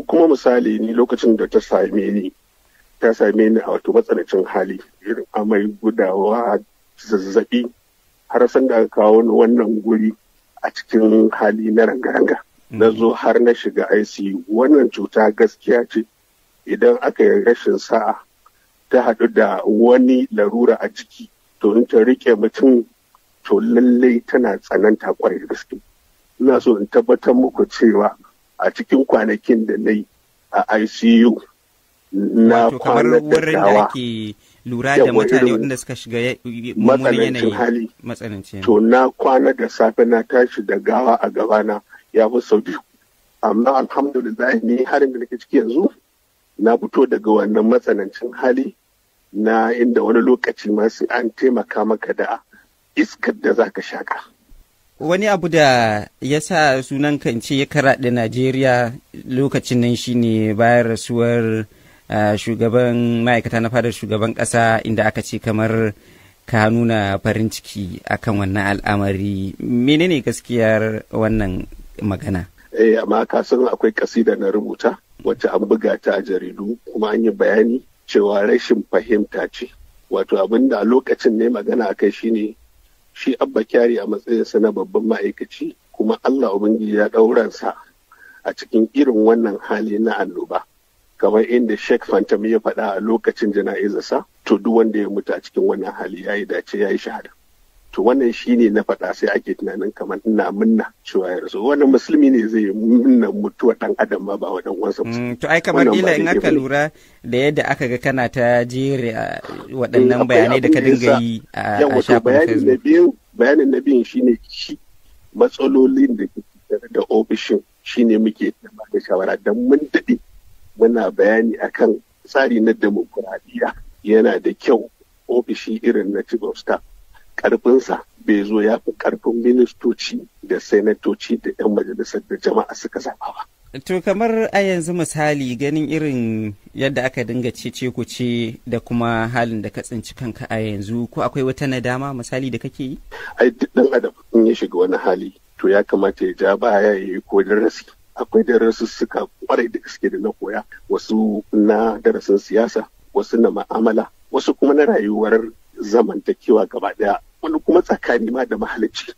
kuma misali ni lokacin da ta same ni ta same ni a wato matsanancin hali irin amai gudawa zazzaɓi har san da kawo wannan guri a cikin hali na ranga-ranga mm. na zo har na shiga ICU wannan cuta gaskiya ce idan aka yi rashin sa'a ta haɗu da wani larura a jiki to in ta rike mutum to lallai tana tsananta kwarai gaske ina so in tabbatar muku cewa a cikin kwanakin da na yi a ICU na kwanar da ke lura da mutane waɗanda suka shiga mummunan yanayi to na kwana da safe na tashi da gawa a gabana ya fi sau amma alhamdulillah ni harin da nake ciki yanzu na fito daga wannan matsanancin hali na inda wani lokaci ma sai an taimaka maka da iskar da zaka shaka wani abu da ya sa sunan kance ya karaɗe najeriya lokacin nan shine bayan rasuwar shugaban ma'aikata na fadar shugaban ƙasa inda aka ce kamar ka nuna farin ciki akan wannan al'amari menene gaskiyar wannan magana eh amma ka san akwai kasida na rubuta wacce an buga ta a jaridu kuma an yi bayani cewa rashin fahimta ce wato abin da lokacin ne magana akai shine shi abba kyari a matsayinsa na babban ma'aikaci kuma allah ubangiji ya ɗauransa a cikin irin wannan hali na annoba kamar inda sheikh fantami ya faɗa a lokacin jana'izarsa to duk wanda ya mutu a cikin wannan hali ya yi dace ya yi shahada to wannan shi ne na faɗa sai ake tunanin kamar ina munna cewa rasu. wani musulmi ne zai minna mutuwa ɗan adam ba wa ɗan uwansa mm, to ai kamar ila in aka lura da yadda aka ga kana ta jere uh, waɗannan mm, bayanai da ka dinga yi uh, a shafin facebook bayanin na biyun ne shi matsalolin da ke da ofishin ne muke da shawara don mun daɗe muna bayani akan tsari na demokuraɗiyya yana da kyau ofishi irin na chief of staff karfinsa bai zo ya fi karfin ministoci da senatoci da 'yan majalisar da jama'a suka zaba ba. To kamar a yanzu misali ganin irin yadda aka dinga cece ku ce da kuma halin da ka tsinci kanka a yanzu ko akwai wata nadama misali da kake yi? Ai duk ɗan adam in ya shiga wani hali to ya kamata ya ja baya ya yi ko darasi. Akwai darasussuka kwarai da gaske da na koya wasu na darasin siyasa wasu na ma'amala wasu kuma na rayuwar zamantakewa gaba ɗaya wani kuma tsakani ma da mahalicci